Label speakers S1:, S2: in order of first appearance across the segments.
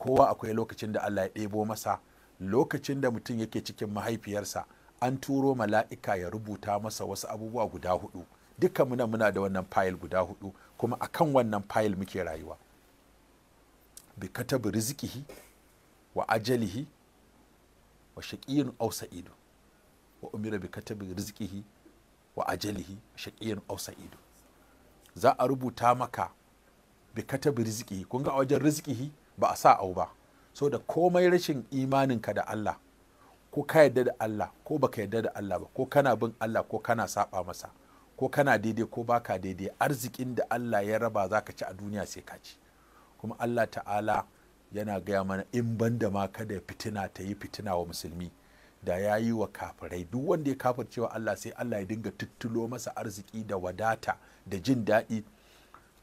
S1: kowa akwai lokacin da Allah ya ɗebo masa lokacin da mutum yake cikin mahaifiyarsa an turo mala'ika ya rubuta masa wasu abubuwa guda hudu dukkan muna muna da wannan fayil guda hudu kuma akan wannan fayil muke rayuwa bi katabi rizikihi wa ajalihi wa shaqiyun aw sa'idu wa umira bi katabi rizqihi wa ajalihi shaqiyun aw za a rubuta maka bi katabi rizqihi kun ga a wajen rizqihi ba a sa au ba so da komai rashin imaninka da Allah ko ka yarda da Allah ko baka yarda da Allah ba ko kana bin Allah ko kana saba masa ko kana daidai ko baka daidai arzikin da Allah ya raba zaka ci a duniya sai ka ci kuma Allah ta'ala yana gaya mana in ban da ma kada fitina ta yi fitina wa musulmi da ya yi wa kafirai duk wanda ya kafircewa Allah sai Allah ya dinga tuttulo masa arziki da wadata da jin daɗi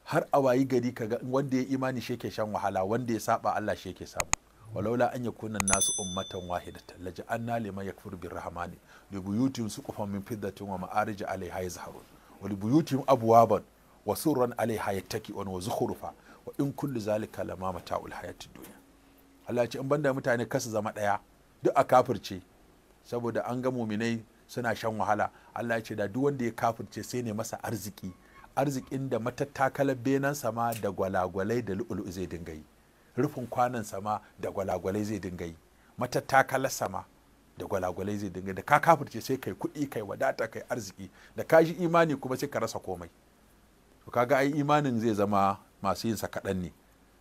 S1: har a wayi gari ka ga wanda ya imani shi ke shan wahala wanda ya saba Allah shi ke samu walaula an kunan nasu ummatan ya laja'anna liman yakfur birrahmani li buyutihim suqufan min fiddatin wa ma'arij 'alayha yazharun wa li buyutihim abwaban wa surran 'alayha yattaki'un wa zukhrufa wa in kullu zalika lama mata'ul hayatid dunya Allah ya ce in banda mutane kasu zama ɗaya duk a kafirce saboda an ga muminai suna shan wahala Allah ya ce da duk wanda ya kafirce sai ne masa arziki arzikin da matattakalar benan sama da gwalagwalai da lu'ulu zai dinga yi rufin kwanan sama da gwalagwalai zai dinga yi matattakalar sama da gwalagwalai zai dinga da ka kafirce sai kai kuɗi kai wadata kai arziki da ka shi imani kuma sai ka rasa komai to kaga ai imanin zai zama masu yin sa kaɗan ne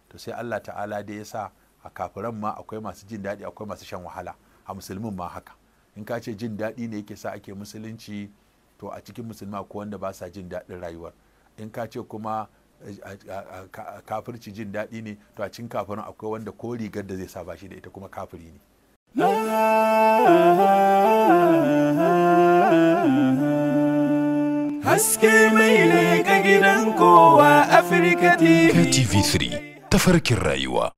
S1: to sai Allah ta'ala da yasa a kafiran ma akwai masu jin daɗi akwai masu shan wahala a musulmin ma haka in ka ce jin daɗi ne yake sa ake musulunci to a cikin musulma ko wanda ba sa jin daɗin rayuwar in ka ce kuma kafirci jin daɗi ne to a cin kafirin akwai wanda ko rigar da zai sa bashi da ita kuma kafiri ne haske mai ne ga gidan kowa afirka tv3 tafarkin rayuwa